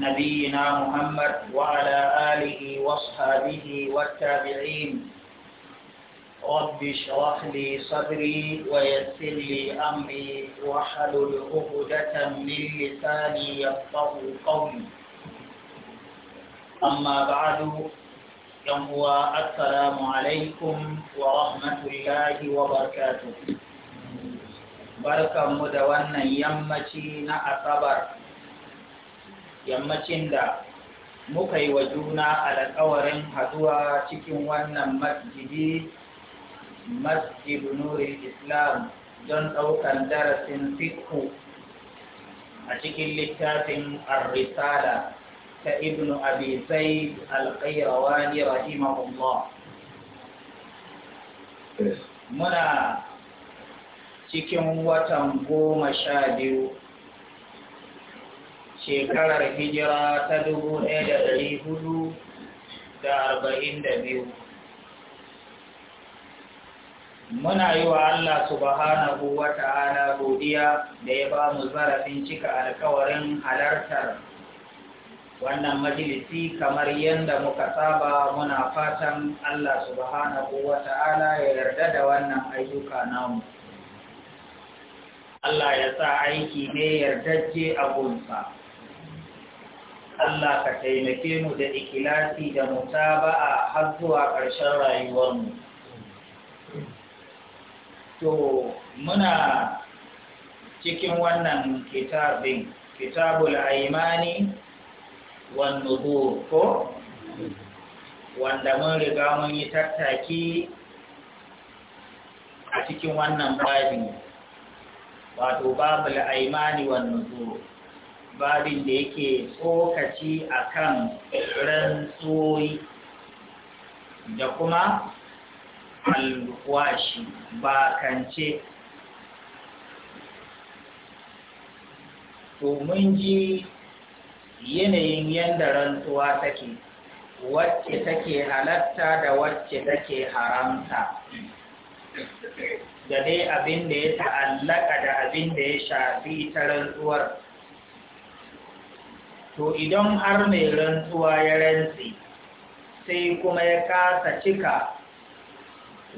نبينا محمد وعلى آله وصحبه والتابعين رب اشرح لي صدري ويسر لي أمري واحلل عقدة من لساني يفقه قولي أما بعد يوم السلام عليكم ورحمة الله وبركاته بركة da يمتي نأتبر yammacin da muka yi wa juna alƙawarin haduwa cikin wannan masjidi masjidu nuri islam don ɗaukar darasin fikku a cikin littafin arrisala ta ibnu abi zaid al rahima rahimahullah muna cikin watan goma sha biyu shekarar hijira ta dubu ɗaya da ɗari hudu da arba'in da biyu muna yi wa Allah subhanahu wa ta'ala godiya da ya ba mu zarafin cika alkawarin halartar wannan majalisi kamar yadda muka saba muna fatan Allah subhanahu wa ta'ala ya yarda da wannan ayyuka namu Allah ya sa aiki ne yardajje a gunsa. Allah ka taimake mu da ikilasi da mutaba'a har zuwa ƙarshen rayuwarmu. To, muna cikin wannan kitabin, kitabul aimani wan nuzur ko? Wanda mun riga mun yi tattaki a cikin wannan babin wato babul aimani wannan zuwa. babin da yake tsokaci a kan rantsoyi da kuma alwashi bakance to mun ji yanayin yadda rantsuwa take wacce take halatta da wacce take haramta da dai abin da ya ta'allaka da abin da ya shafi ta rantsuwar to idan har mai rantsuwa ya rantsi sai kuma ya kasa cika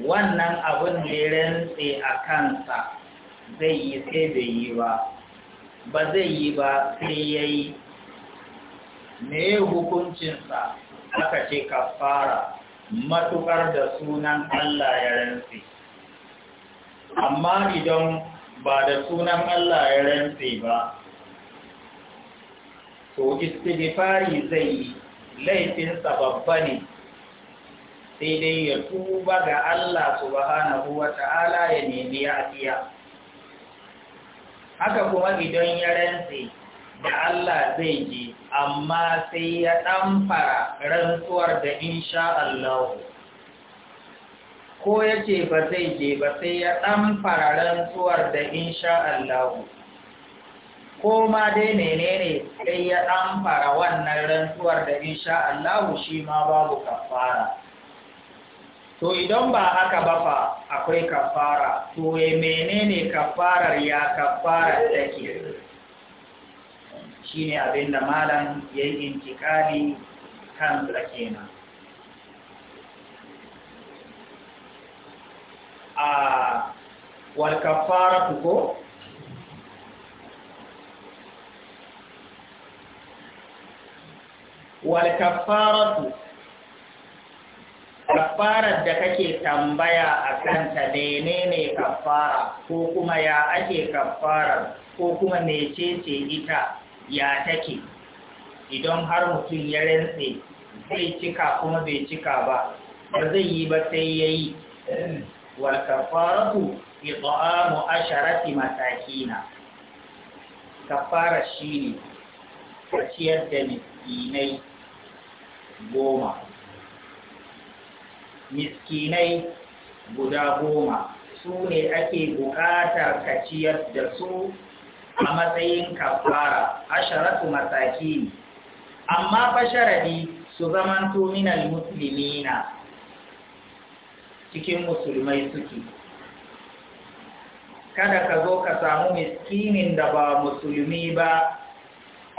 wannan abin da ya rantsi a kansa zai yi sai bai yi ba ba zai yi ba sai ya yi me hukuncinsa aka ce kafara matukar da sunan Allah ya rantsi amma idan ba da sunan Allah ya rantsi ba to istighfari zai yi laifinsa babba ne sai dai ya tuba ga Allah subhanahu wa ta'ala ya nemi yafiya haka kuma idan ya rantse da Allah zai je amma sai ya fara rantsuwar da insha Allah ko ya ba zai je ba sai ya fara rantsuwar da insha Allah ko ma dai menene sai ya dan fara wannan rantsuwar da insha Allah shi ma babu kafara to idan ba haka ba fa akwai kafara to menene kafarar ya kafara take shine abin da malam yayi intikali kan na. a ah, wal kafara ko wal kafarar da kake tambaya a kanta ne kafara ko kuma ya ake kafarar ko kuma mecece ita ya take idan har mutum ya rantse zai cika kuma bai cika ba ba zai yi ba sai ya yi wal kafaratu mataki asharati kafarar kafara ne ciyar da miskinai goma miskinai guda goma su ne ake buƙatar ka ciyar da su a matsayin kafara sharatu mataki amma fa sharadi su zamanto musulmi na cikin musulmai suke kada ka zo ka samu miskinin da ba musulmi ba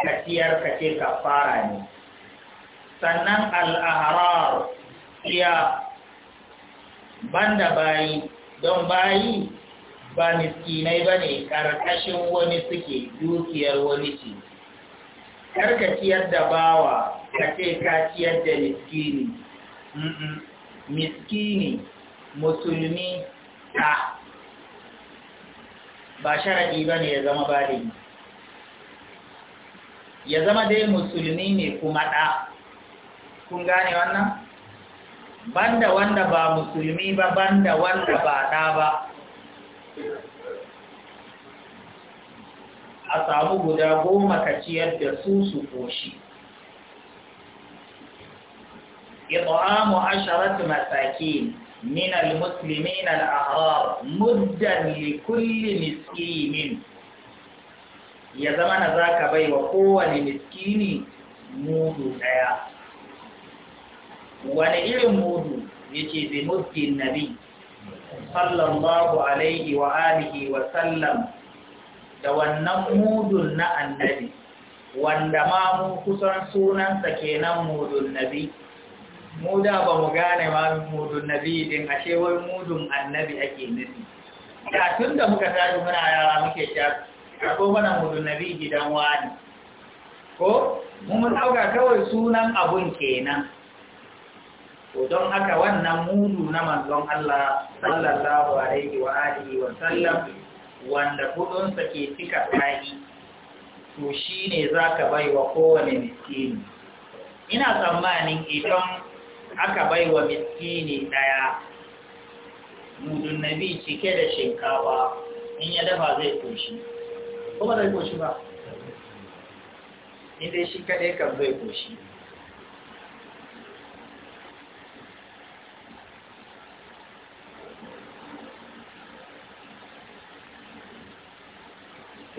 ka ciyar ka ce kafara ne sannan al'ahrar iya banda bayi don bayi ba miskinai ba ne ƙarƙashin wani suke dukiyar wani ce ciyar da bawa ka ce ka ciyar da miskini miskini musulmi ta ba sharaɗi ba ne ya zama baligi ya zama dai musulmi ne kuma ɗa kun gane wannan banda wanda ba musulmi ba banda wanda ba ɗa ba a samu guda goma ka ciyar da su su koshi iqamu asharatu masaki, min almuslimin al'ahrar muddan li kulli miskinin ya zama na ka bai wa kowane miskini mudu ɗaya. wani irin mudu yace bi muskin nabi sallallahu alaihi wa alihi wa sallam da wannan mudun na annabi wanda ma mu kusan sunansa kenan mudun nabi mu da ba mu gane ma mudun nabi din a shewar mudun annabi ake nufi Ya tun da muka tashi muna yara muke sha ko mana mudun nabi gidan wani ko mun dauka kawai sunan abun kenan to don haka wannan mudu na manzon Allah sallallahu alaihi wa alihi wa sallam wanda kudinsa ke cika kai to shine zaka baiwa kowane miskini ina tsammanin idan aka baiwa miskini daya mudun nabi cike da shinkawa in ya dafa zai koshi kuma zai koshi ba in dai shi kadai kan zai koshi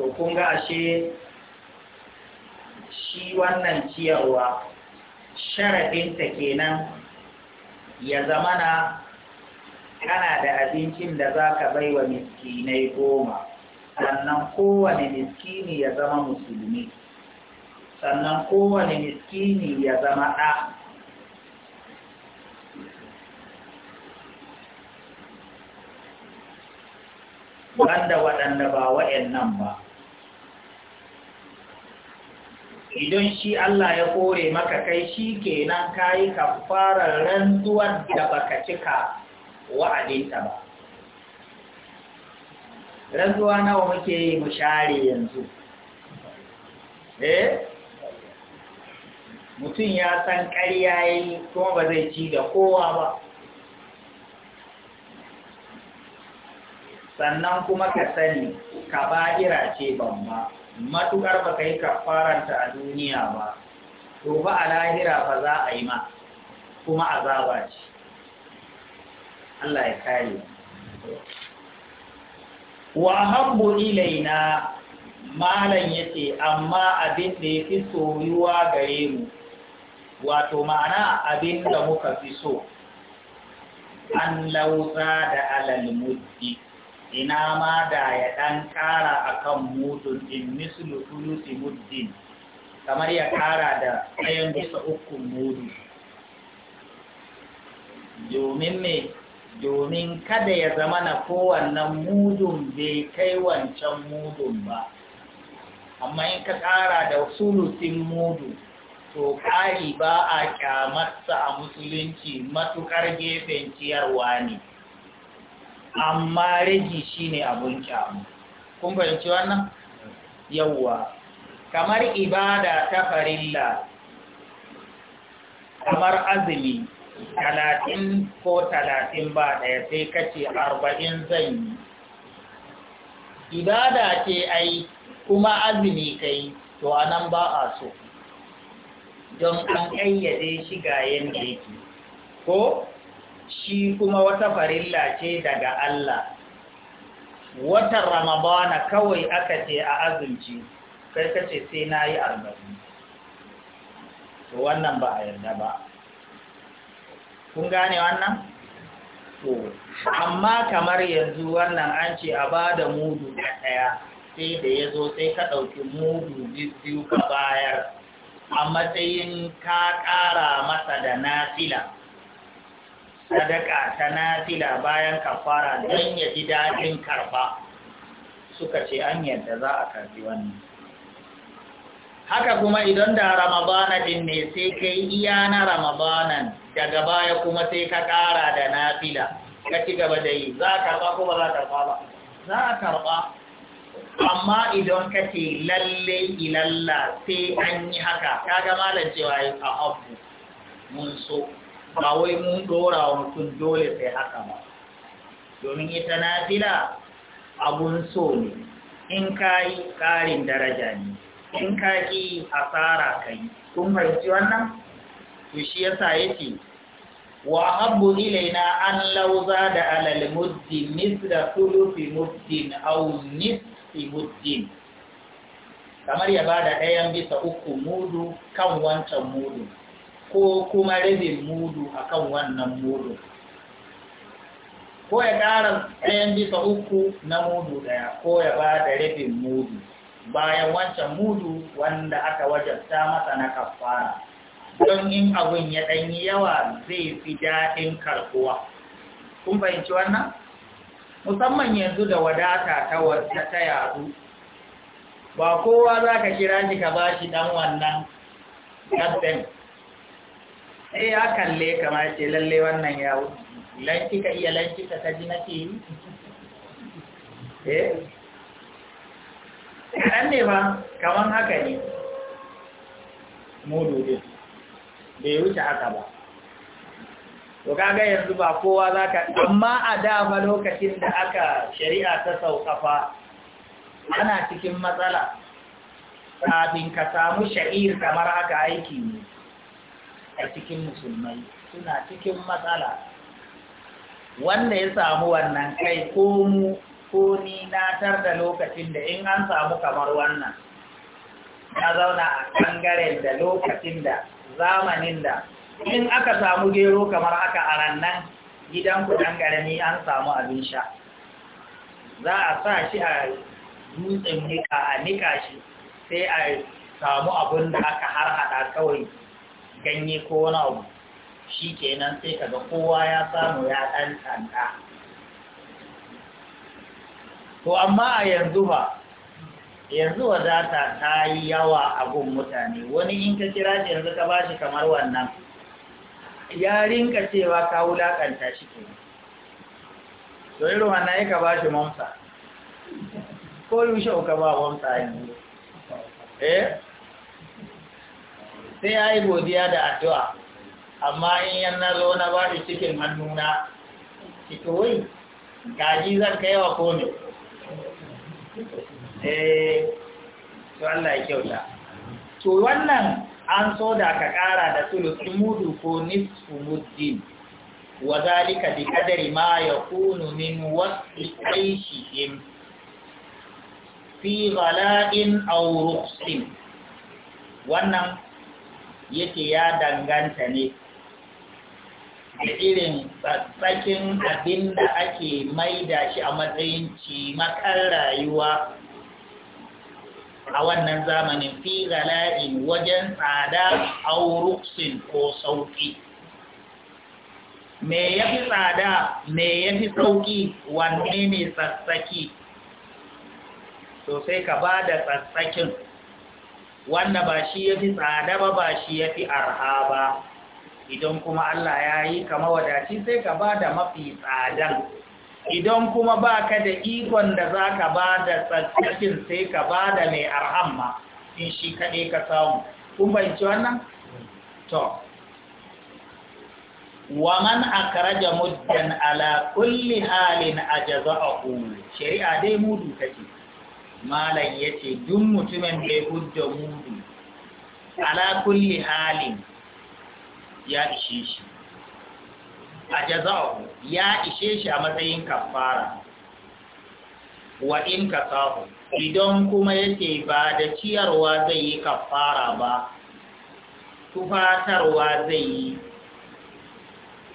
to kun ga ashe shi wannan ciyarwa sharaɗinta kenan ya zamana kana da abincin da za ka bai wa miskinai goma sannan kowane miskini ya zama musulmi sannan kowane miskini ya zama ɗa wanda waɗanda ba wa'yan nan ba idan shi Allah ya kore maka kai shi kenan kayi kafarar rantsuwar da baka cika wa'adinta ba rantsuwa nawa muke yi mu share yanzu eh mutum ya san ƙarya yi kuma ba zai ci da kowa ba sannan kuma ka sani ka ba'ira ce ban ba matuƙar ba ka yi kafaranta a duniya ba to ba a lahira ba za a yi ma kuma a azaba ce Allah ya kare wa habbu ilaina malan ce amma abin da yafi soyuwa gare mu wato ma'ana abin da muka fi so an lauta da alal ina ma da ya ɗan ƙara a kan mutun in mislu sulusi muddin kamar ya ƙara da ɗayan bisa ukun mudu domin me domin kada ya zama na kowannan mudun bai kai wancan mudun ba amma in ka ƙara da sulusin mudu to ƙari ba a ƙyamarsa a musulunci matuƙar gefen ciyarwa ne amma ragi shine abun kyamu kun fahimci wannan yawwa kamar ibada ta farilla kamar azumi talatin ko talatin ba ɗaya sai kace arba'in zan yi ibada ce ai kuma azumi kai to anan ba a so don an ƙayyade shi ga yake ko shi kuma wata farilla ce daga Allah Wata ramadana kawai aka ce a azumci kai kace sai na yi arba'in to wannan ba a yarda ba kun gane wannan? to amma kamar yanzu wannan an ce a ba da mudu ɗaya sai da ya zo sai ka ɗauki mudu biyu ka bayar a matsayin ka ƙara masa da nafila sadaka ta nafila bayan kafara don ya ji daɗin karɓa suka ce an yadda za a karɓi wannan haka kuma idan da ramadana din ne sai kai iya na ramadanan daga baya kuma sai ka ƙara da nafila ka ci gaba da yi za a karɓa ko ba za a karɓa ba za a karɓa amma idan ka ce lalle ilalla sai an yi haka ka ga da cewa a abu mun so ba wai mun dora wa mutum dole sai haka ba domin ita na fila, abun so ne in ka yi ƙarin daraja ne in ka ki asara ka yi kun fahimci wannan to shi yasa ce. wa habbu ilaina an lauza da alal muddin misra thuluthi muddin aw nisfi muddin kamar ya bada ɗayan bisa uku mudu kan wancan mudu ko kuma rabin mudu a kan wannan mudu ko ya ƙara ɗayan bisa uku na mudu ɗaya ko ya ba da rabin mudu bayan wancan mudu wanda aka wajabta masa na kafara don in abun ya ɗanyi yawa zai fi daɗin karkuwa kun fahimci wannan musamman yanzu da wadata ta yadu ba kowa za ka kira shi ka ba shi ɗan wannan gaddan sai ya kalle kamar ce lalle wannan ya wuce lanki ka iya lanki ka ta ji nake yi eh kaɗan ne ba kaman haka ne mudu din bai wuce haka ba to kaga yanzu ba kowa za ka amma a dama lokacin da aka shari'a ta saukafa ana cikin matsala kafin ka samu sha'ir kamar haka aiki ne a cikin musulmai suna cikin matsala wanda ya samu wannan kai ko mu ko ni natar da lokacin da in an samu kamar wannan na zauna a ɓangaren da lokacin da zamanin da in aka samu gero kamar haka a rannan gidan ɗan ƙarami an samu abin sha za a sa shi a dutsen nika a nika shi sai a samu abin da aka har haɗa kawai ganye ko wani abu shi kenan sai ga kowa ya samu ya ɗan tsanta to amma a yanzu ba yanzu wadata ta yi yawa a gun mutane wani in ka kira shi yanzu ka bashi kamar wannan ya rinka cewa ka wulaƙanta shi ke to ruwa na yi ka bashi mamsa ko yushe ka ba mamsa yanzu eh sai ya yi godiya da addu'a amma in yan na zo na ba cikin hannuna Ki wai gaji zan kai wa kome eh to Allah ya kyauta to wannan an so da ka ƙara da sulusun mudu ko nisfu muddin wa zalika bi kadari ma yakunu min wasi aishihim fi ghala'in aw rukhsin wannan yake ya danganta ne da irin tsakin abin da ake maida shi a matsayin cimakar rayuwa a wannan zamanin fi zala'in wajen tsada auruksin ko sauki me ya fi tsada me ya fi sauki wanne ne tsatsaki sosai ka ba da tsatsakin wanda ba shi ya fi tsada ba ba shi ya fi arha ba idan kuma Allah ya yi kama wadaci sai ka ba da mafi tsadan idan kuma ba ka da ikon da za ka ba da tsakashin sai ka ba da mai arhamma in shi kaɗe ka samu kun bayanci wannan? to waman akaraja muddan ala kulli halin a jaza'ahu shari'a dai mudu take malam ya ce duk mutumin da ya hujja mudu ala kulli halin ya ishe shi a jaza'u ya ishe shi a matsayin kafara wa in ka tsaho idan kuma yake ba da ciyarwa zai yi kafara ba tufatarwa zai yi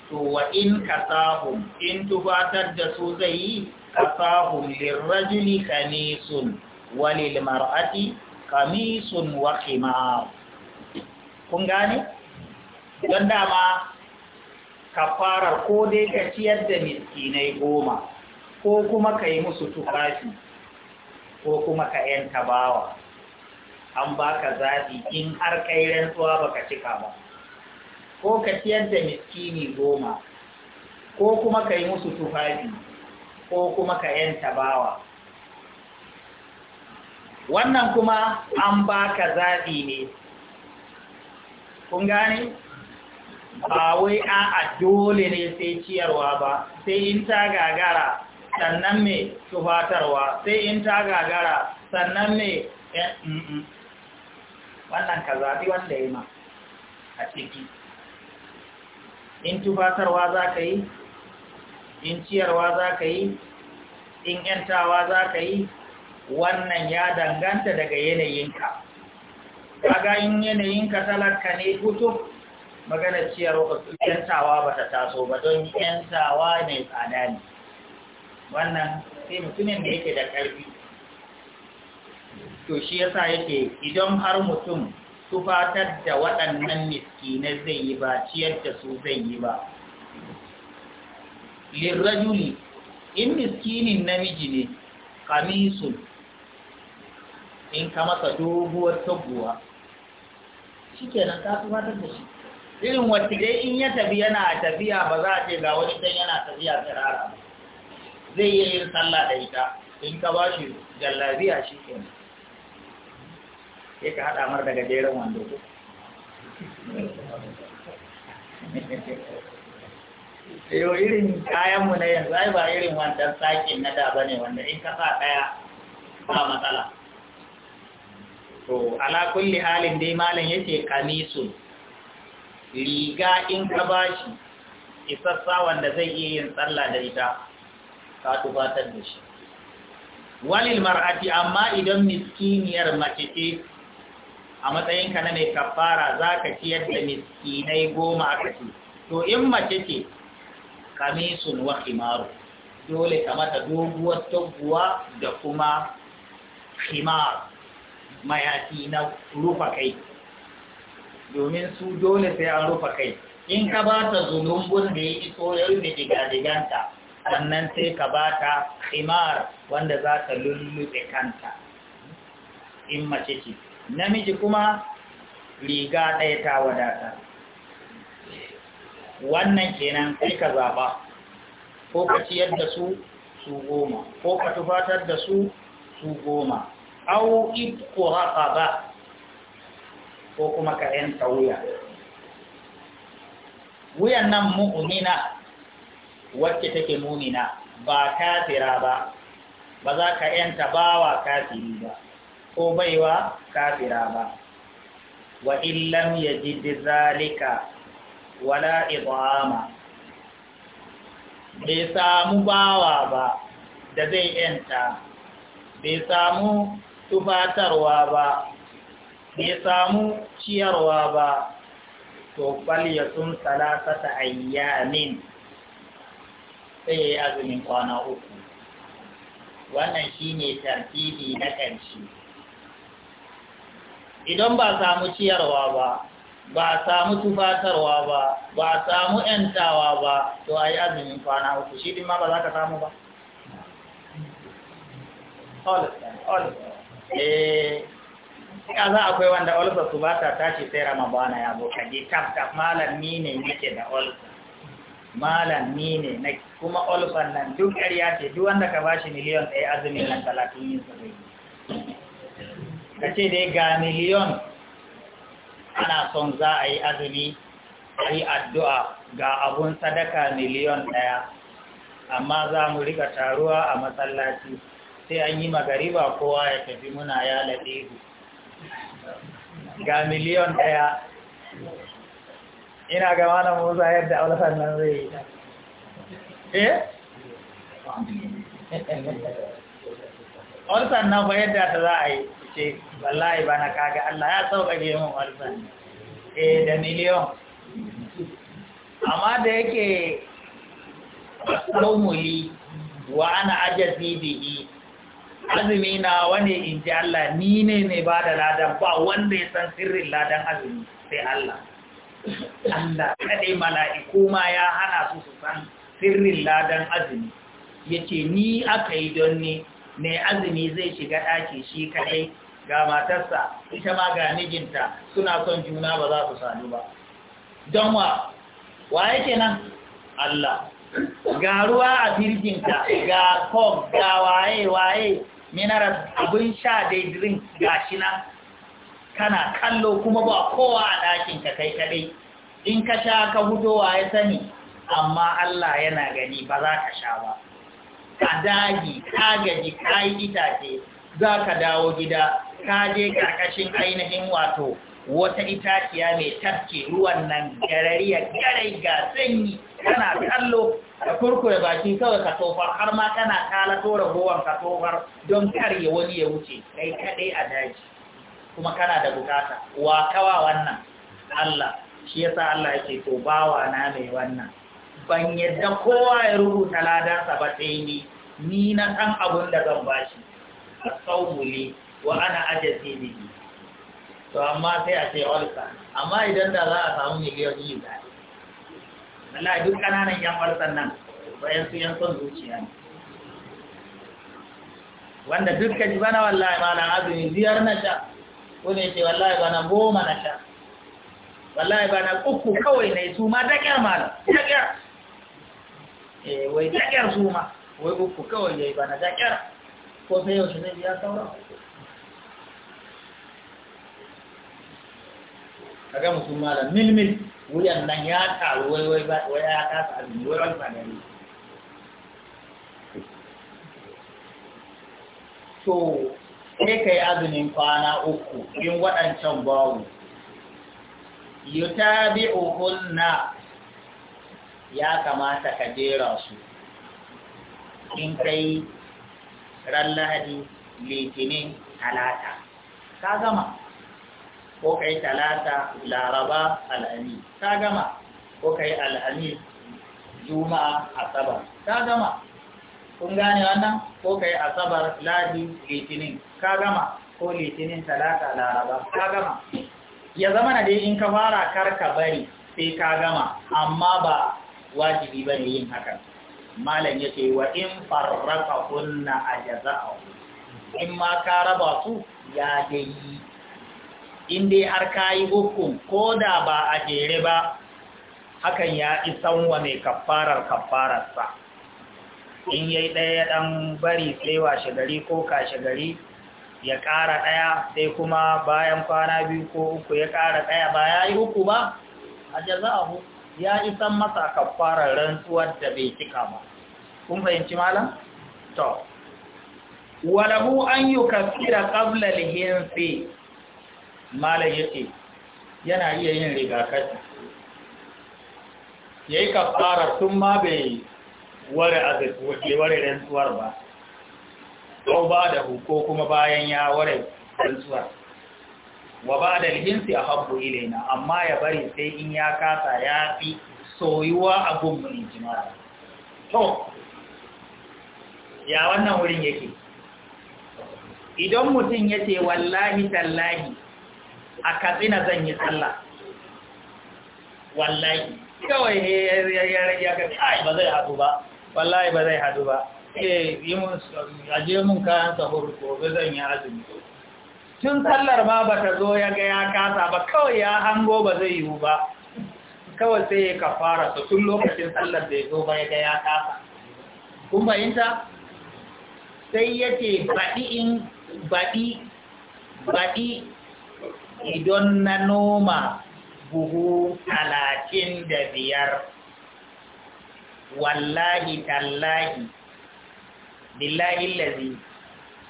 to wa in ka kasahu in tufatar da su zai yi kafahum lirrajuli kamisun walil mar'ati kamisun wa khimar kun gane don dama kafarar ko dai ka ciyar da miskinai goma ko kuma ka yi musu tufafi ko kuma ka yan tabawa, an baka zaɓi in har kai rantsuwa baka cika ba ko ka ciyar da miskini goma ko kuma ka yi musu tufafi ko kuma ka yanta tabawa. wannan kuma an ba ka zaɓi ne kun gani? ba wai a dole ne sai ciyarwa ba sai in ta gagara sannan mai tufatarwa sai in ta gagara sannan mai eh, wannan ka zaɓi wanda ya ma a ciki in tufatarwa za ka yi in ciyarwa za ka yi in ‘yantawa za ka yi wannan ya danganta daga yanayinka kaga in yanayinka talaka ne hutu magana ciyarwa ‘yantawa ba ta taso ba don ‘yantawa ne tsada ne wannan sai mutumin da yake da ƙarfi to shi yasa yake idan har mutum tufatar da waɗannan na zai yi ba ciyar da su zai yi ba lirrajuli in miskinin namiji ne kamisun in ka masa doguwar taguwa shi kenan ka tumatar da shi irin wacce dai in ya tafi yana tafiya ba za a ce ga wani dan yana tafiya ta rara. zai yi yin sallah da ita in ka ba shi jallabiya shi kenan sai ka haɗa mar daga jerin wando yau irin kayanmu na yanzu ai ba irin wannan sakin na da bane wanda in ka sa ɗaya ba matsala to ala kulli halin dai malam yace kamisun riga in ka bashi isassa wanda zai iya yin tsalla da ita ka tubatar da shi walil mar'ati amma idan miskiniyar mace ce a matsayin ka na mai kafara za ka ciyar da miskinai goma aka ce to in mace ce kamisun wa himaru dole ka mata doguwar taguwa da kuma himar mayafi na rufa kai domin su dole sai an rufa kai in ka ba ta zunubun da ya iso ya rufe diga-diganta sannan sai ka ba ta himar wanda za ta lullube kanta in mace ce namiji kuma riga ɗaya ta wadata wannan kenan kai ka zaɓa ko ka ciyar da su su goma ko ka tufatar da su su goma au ko haka ba ko kuma ka yan wuya wuyan nan mu'umina wacce take mumina ba kafira ba ba za ka yanta bawa kafiri ba ko baiwa kafira ba wa illam yajid zalika wala ibama bai samu bawa ba da zai yanta bai samu tufatarwa ba bai samu ciyarwa ba to ya sun salasata ayyamin sai ya yi azumin kwana uku wannan shine tartibi na ƙarshe idan ba samu ciyarwa ba ba a samu tufatarwa ba ba a samu ‘yantawa ba to a yi azumin kwana uku shi ɗin ma ba za ka samu ba eh, ya za akwai wanda olsa su ba ta tashi sai ramabana ya zo ji tafta malam ni ne nake da olsa malam ni ne na kuma olfan nan duk ƙarya ce duk wanda ka bashi miliyon ɗaya azumin nan talatin yin sabai ka ce dai ga miliyon ana son za a yi azumi a yi addu'a ga abun sadaka miliyon ɗaya amma za mu rika taruwa a matsalaci sai an yi magariba kowa ya tafi muna ya laɗe ga miliyon ɗaya ina ga mana musa yadda aulasan nan zai yi eh? aulasan nan ba yadda ta za a yi ce wallahi ba na kaga Allah ya sauƙaƙe mun arzani eh da miliyon amma da yake saumuli wa ana ajazi bihi azumi na wani in ji Allah ni ne mai ba da ladan ba wanda ya san sirrin ladan azumi sai Allah Allah kaɗai mala'iku ma ya hana su su san sirrin ladan azumi ya ce ni aka yi don ne Me azumi zai shiga ɗaki shi kaɗai ga matarsa ita ma ga mijinta suna son juna ba za su sadu ba don wa wa yake nan Allah ga ruwa a firginta ga kog ga waye waye minarar abin sha dai drink ga shi nan kana kallo kuma ba kowa a ɗakin ka kai kaɗai in ka sha ka hudowa ya sani amma Allah yana gani ba za ka sha ba ka dagi ka gaji ka yi itace za ka dawo gida ka je ƙarƙashin ainihin wato wata itaciya mai tafke ruwan nan garariya garai ga sanyi kana kallo da kurkure baki kawai ka tofar har ma kana kalato ragowar ka tofar don karye wani ya wuce kai kaɗai a daji kuma kana da bukata wa kawa wannan Allah shi yasa Allah yake to bawa na mai wannan ban yadda kowa ya rubuta ladansa ba sai ni ni na san abun da zan bashi as-sawmu li wa ana ajzi bihi to amma sai a ce ulsa amma idan da za a samu miliyoyi da Allah duk kananan yan ulsan nan bayan su yan son zuciya ne wanda duka ji bana wallahi ma nan azumi biyar na sha wani ce wallahi bana goma na sha wallahi bana uku kawai na yi su ma daƙyar malam daƙyar eh wai daƙyar su ma wai uku kawai ya yi bana daƙyar ko sai yaushe zai biya sauran kaga mutum malam milmil wuyan nan ya taru wai wai wai ya kasa azumi wai wani tsanani to sai ka yi azumin kwana uku in waɗancan bawu yutabi'uhunna ya kamata ka jera su in kai ran lahadi litinin talata ka gama ko kai talata laraba alhamis ka gama ko kai alhamis juma'a asabar ka gama kun gane wannan ko kai asabar lahadi, litinin ka gama ko litinin talata laraba ka gama ya zama na dai in ka fara karka bari sai ka gama amma ba wajibi bane yin hakan malam yace wa in farraka kunna ajza'u in ma ka raba su ya dai in dai har kayi uku ko da ba a jere ba hakan ya isan wa mai kafarar kaffararsa in yayi ɗaya ɗan bari sai washe gari ko kashe gari ya ƙara ɗaya sai kuma bayan kwana biyu ko uku ya ƙara ɗaya ba ya yi uku ba a ya isan masa a kafarar rantsuwar da bai cika ba kun fahimci malam to walahu an yukaffira qabla al-hinsi malam yake yana iya yin rigakafi yi kafarar tun ma bai ware azumi ware rantsuwar ba ko ba da ko kuma bayan ya ware rantsuwar wa ba da jinsi a habbu ilaina amma ya bari sai in ya kasa ya fi soyuwa a gunmu ijimara to ya wannan wurin yake idan mutum ya ce wallahi tallahi a katsina zan yi tsalla wallahi kawai ya kai ba zai haɗu ba wallahi ba zai haɗu ba eh, yi mun ajiye mun kayan sahur ko zan yi azumi tun sallar ma ba ta zo ya ga ya kasa ba kawai ya hango ba zai yiwu ba kawai sai ya kafara su tun lokacin sallar da ya zo ba ya ga ya kasa kun bayinta sai ya ce baɗi in baɗi baɗi idan na noma buhu talatin da biyar wallahi tallahi billahi lalzi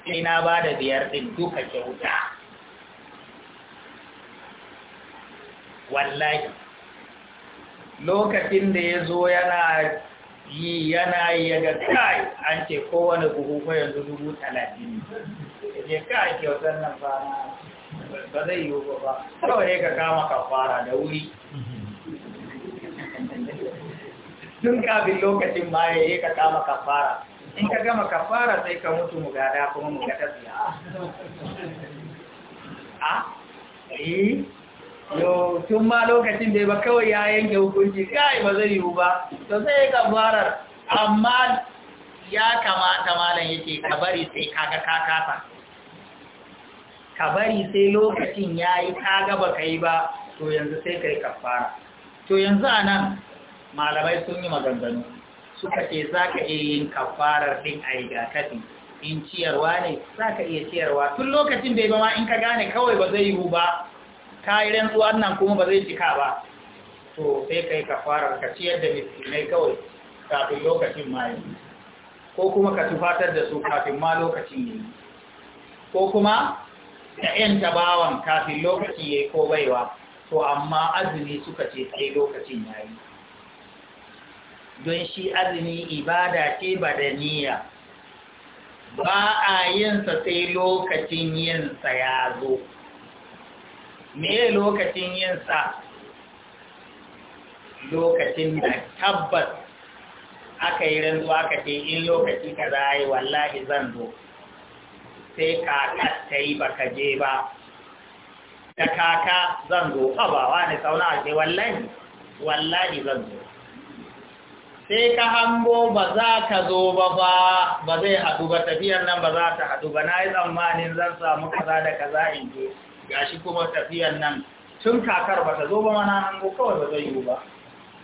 sai na ba da biyar ɗin duka kyauta wallahi lokacin da ya zo yana yi yana yi ga kai an ce kowane buhu ko yanzu dubu talatin ya kai kyautar nan ba ba zai yi ba kawai ka kama kafara da wuri tun kafin lokacin ma ya yi ka kama kafara in ka gama kafara sai ka mutu mu gada kuma mu gada biya a yi? E? yo tun ma lokacin da ba kawai ya yanke hukunci kai ba zai yiwu ba to sai ka fara amma ya kamata malam yake ka bari sai kaga ka kasa ka bari sai lokacin ya yayi kaga ka yi ba to yanzu sai ka ka kafara to yanzu anan malamai sun yi maganganu suka ce za ka iya yin kafarar ɗin a rigakafi in ciyarwa ne za ka iya ciyarwa tun lokacin da ya ma in ka gane kawai ba zai yiwu ba ka yi rantsuwa nan kuma ba zai cika ba to sai ka yi kafarar ka ciyar da miskinai kawai kafin lokacin ma ko kuma ka tufatar da su kafin ma lokacin yi ko kuma ka ‘yan tabawan kafin lokaci ya ko baiwa to amma azumi suka ce sai lokacin ya yi don shi azumi ibada ce ba da niyya ba a yinsa sai lokacin yinsa ya zo me lokacin yinsa lokacin da tabbas aka yi ranzuwa aka ce in lokaci ka za yi wallahi zan zo sai kaka ta yi baka je ba da kaka zan zo ba wa ne sauna a ce wallahi wallahi zan zo sai ka hango ba za ka zo ba ba ba zai haɗu ba tafiyar nan ba za ta haɗu ba na yi tsammanin zan samu kaza da kaza in je shi kuma tafiyar nan tun kakar ba ta zo ba mana hango kawai ba zai yi ba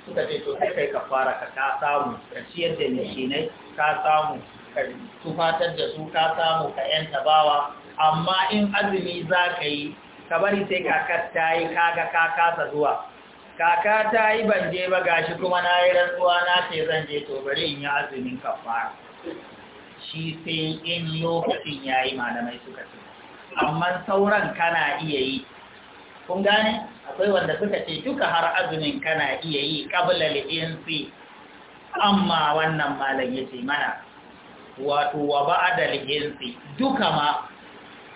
suka ce to sai kai ka fara ka ka samu ka ciyar da mishinai ka samu ka tufatar da su ka samu ka yan tabawa amma in azumi za ka yi ka bari sai kakar ta yi kaga ka kasa zuwa kaka ta yi banje je ba gashi kuma na yi rantsuwa na ce zan je to bari in yi azumin kafara shi sai in lokacin ya yi malamai suka ce amma sauran kana iya yi kun gane akwai wanda suka ce duka har azumin kana iya yi kabla li'insi amma wannan malam ya ce mana wato wa ba'a da duka ma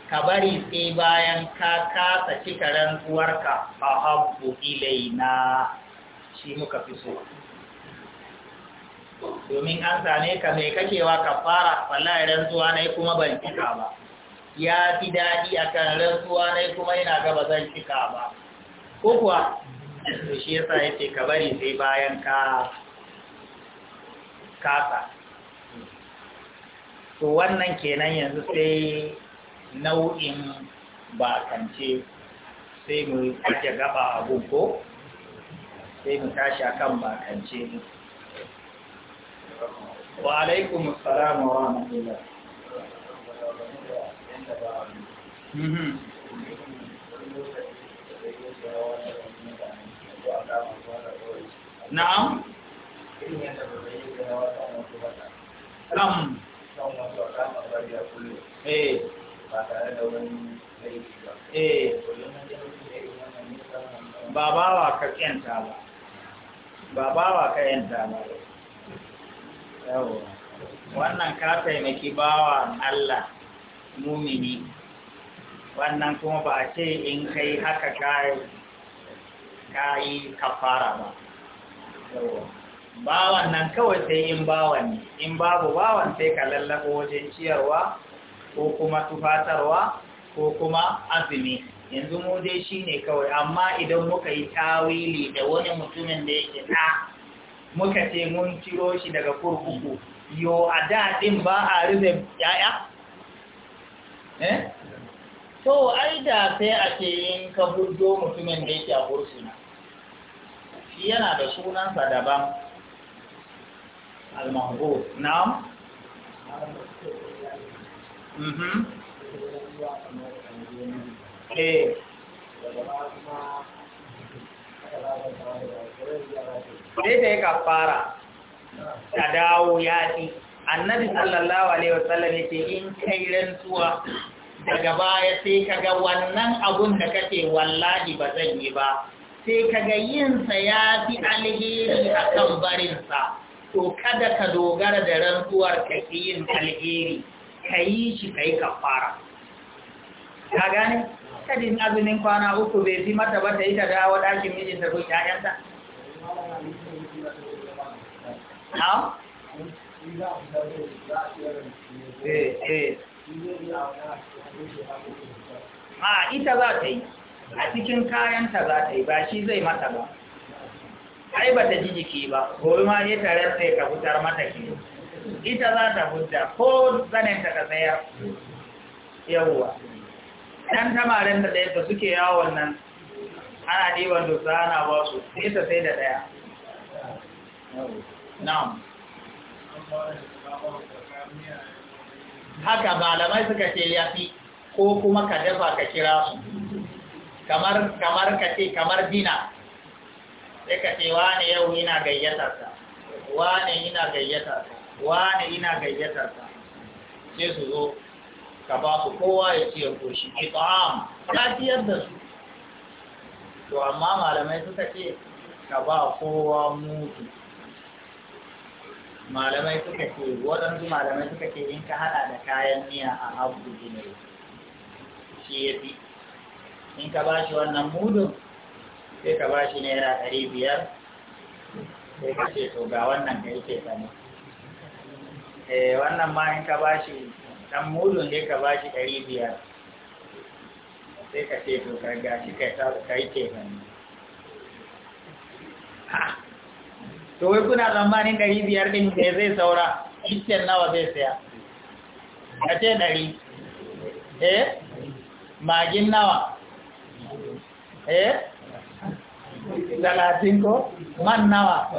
ka bari sai bayan ka kasa cika rantsuwarka a habbu ilaina shi muka fi so domin an same ka mai kakewa ka fara wallahi rantsuwa na kuma ban cika ba ya fi daɗi a kan rantsuwa na kuma yana gaba zan cika ba ko kuwa to shi ya ya ce ka bari sai bayan ka kasa to wannan kenan yanzu sai nau'in bakance sai mu ake gaba abun ko sai mu tashi akan bakance ne wa alaikum assalam wa rahmatullah mhm. na'am na'am eh ba ba eh, wa ba bawa ka kyanta ba ba ka yanta ba yawo wannan ka taimaki bawa Allah mumini wannan kuma ba a ce in kai haka ka yi kafara ba bawan nan kawai sai in bawan ne in babu bawan sai ka lallaba wajen ciyarwa ko kuma tufatarwa ko kuma azumi yanzu mu dai shi ne kawai amma idan muka yi tawili da wani mutumin da yake na muka ce mun ciro shi daga kurkuku yo a daɗin ba a rufe yaya? Eh? to ai da sai a ce yin ka hujjo mutumin da yake a kursuna shi yana da sunansa daban al-mahbub na'am sai mm-hmm. eh. da ya kafara ta dawo ya fi annabi sallallahu alaihi wasallam ya ce in kai rantsuwa daga baya sai kaga wannan abun da kake wallahi ba zan yi ba sai kaga yinsa ya fi alheri a kan barinsa to kada ka dogara da rantsuwar ka yin alheri ka yi shi ka yi kafara ka gane kadin azumin kwana uku bai fi mata ba ta yi ta dawo ɗakin miji ta zo ayanta ha? eh, eh. a ita za ta yi a cikin kayanta za ta yi ba shi zai mata ba ai ba ta ji jiki ba gobe ma ne tare sai ka fitar mata ke ita za ta hujja ko zanenta ta tsayar yawwa ɗan tamarin da ɗaya ta suke yawon nan ana ɗiban dusa ana ba su ita sai da ɗaya na'am haka malamai suka ce ya fi ko kuma ka dafa ka kira su kamar kamar ka ce kamar dina sai ka ce wane yau yana gayyatarsa wane ina gayyatarsa wane ina gayyatar ka sai su zo ka ba su kowa ya ce ko shi it'am ka ciyar da su to amma malamai suka ce ka ba kowa mutu malamai suka ce waɗansu malamai suka ce in ka haɗa da kayan miya a abu ne shi ya fi in ka ba shi wannan mudun sai ka ba shi naira ɗari biyar sai ka ce to ga wannan ka yi ce sani eh wannan ma in ka bashi dan mudun ne ka bashi ɗari biyar sai ka ce to ka gashi kai ta kai ke ban to wai kuna tsammanin ɗari biyar ɗin da zai saura iccen nawa zai saya a ce ɗari eh magin nawa eh talatin ko man nawa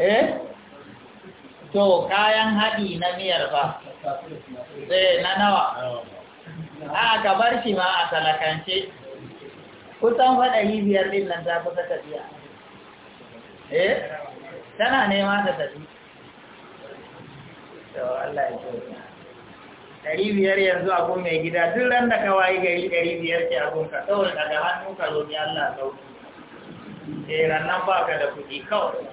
eh to kayan haɗi na miyar ba zai eh, na nawa a ka bar shi ma a talakance kusan faɗa yi biyar ɗin nan ta kusa tafiya eh tana nema ta tafi to Allah ya ce ɗari biyar yanzu a kun mai gida tun ran da ka wayi gari ɗari biyar ke a kun ka kawai daga hannu ka roƙi Allah sauki eh ran nan ba ka da kuɗi kawai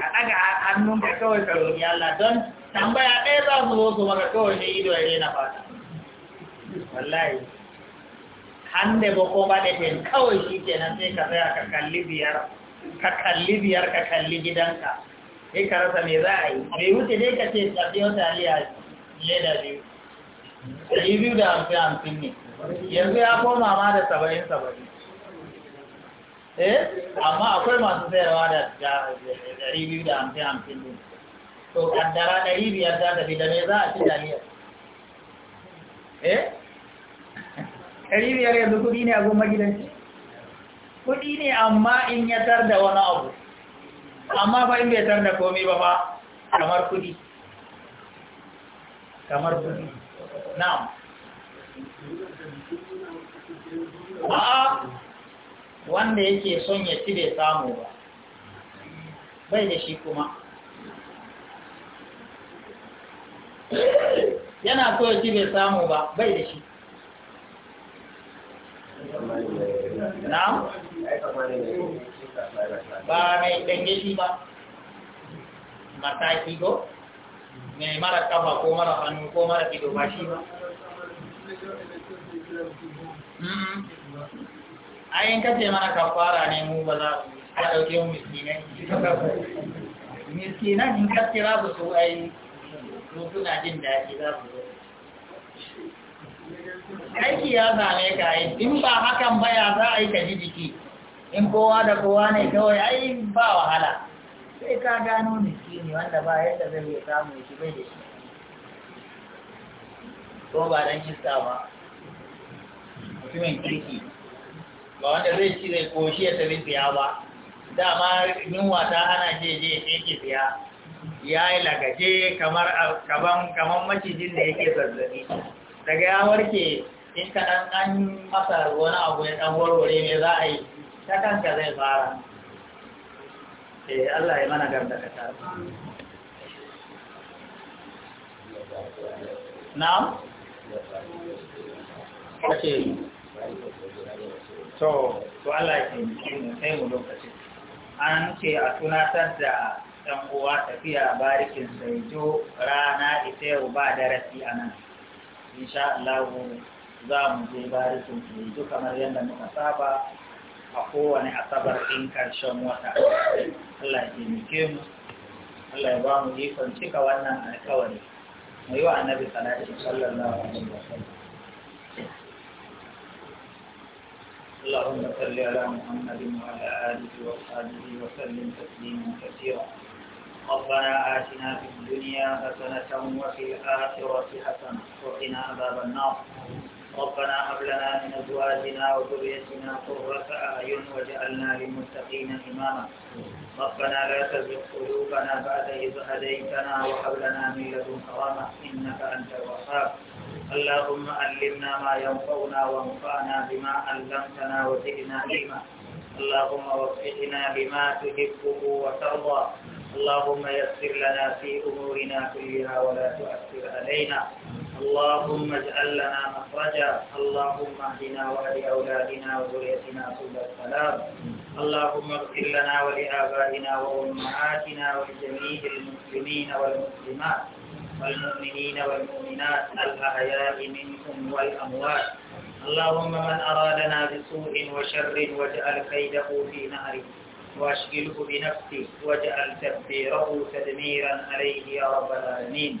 a ɗaga hannun ka kawai ka roƙi Allah don tambaya ɗaya za su zo su maka kawai ne ido ya na fata wallahi hande ba ko ba da ten kawai shi kenan sai ka tsaya ka kalli biyar ka kalli biyar ka kalli gidanka sai ka rasa me za a yi bai wuce dai ka ce tafiyo taliya leda biyu ɗari biyu da hamsin hamsin ne yanzu ya koma ma da saba'in saba'in eh amma akwai masu sayarwa da ɗari biyu da hamsin hamsin ne to kaddara ɗari biyar ta tafi da me za a ci daliyar eh ɗari biyar yanzu kuɗi ne a goma gidanci kuɗi ne amma in ya tar da wani abu amma ba in bai tar da komai ba ba kamar kuɗi kamar kuɗi na'am a'a wanda yake son ya ci bai samu ba bai da shi kuma yana so ya ci bai samu ba bai da shi na ba mai ɗanye shi ba mataki ko mai mara kafa ko mara hannu ko mara ido ba shi ba ayin kafe mana kafara ne mu ba za su ka dauke mu miskinai miskinan in ka kira su su ai su jin daɗi za su zo aiki ya zame ka yi in ba hakan ya za a yi ka ji jiki in kowa da kowa ne kawai ai ba wahala sai ka gano miskini wanda ba yadda zai iya samu shi bai da shi ko ba don iska ba mutumin kirki ba wanda zai ci zai koshi ya tafi siya ba dama yunwa ta ana je je ya ke siya ya yi lagaje kamar macijin da yake zazzabi daga ya warke in ka an masa wani abu ya ɗan warware ne za a yi ta kanka zai fara eh Allah ya mana garda ka ta to to Allah ya taimake mu sai mu lokaci an ce a tunatar da 'yan uwa tafiya barikin jo rana ita yau ba darasi a nan insha Allah za mu je barikin jo kamar yadda muka saba a kowane asabar ɗin ƙarshen wata Allah ya taimake mu Allah ya ba mu ikon cika wannan alkawari mu yi wa annabi sallallahu alaihi wasallam اللهم صل على محمد وعلى آله وصحبه وسلم تسليما كثيرا ربنا آتنا في الدنيا حسنة وفي الآخرة حسنة وقنا عذاب النار ربنا هب لنا من ازواجنا وذريتنا قرة اعين واجعلنا للمتقين اماما ربنا لا تزغ قلوبنا بعد اذ هديتنا وهب لنا من لدنك رحمه انك انت الوهاب اللهم علمنا ما ينفعنا وانفعنا بما علمتنا وزدنا علما اللهم وفقنا بما تحبه وترضى اللهم يسر لنا في امورنا كلها ولا تؤثر علينا اللهم اجعل لنا مخرجا اللهم اهدنا واهد أولادنا وذريتنا سبل السلام اللهم اغفر لنا ولآبائنا وأمهاتنا ولجميع المسلمين والمسلمات والمؤمنين والمؤمنات الأحياء منهم والأموات اللهم من أرادنا بسوء وشر واجعل كيده في نهره وأشغله بنفسه واجعل تدبيره تدميرا عليه يا رب العالمين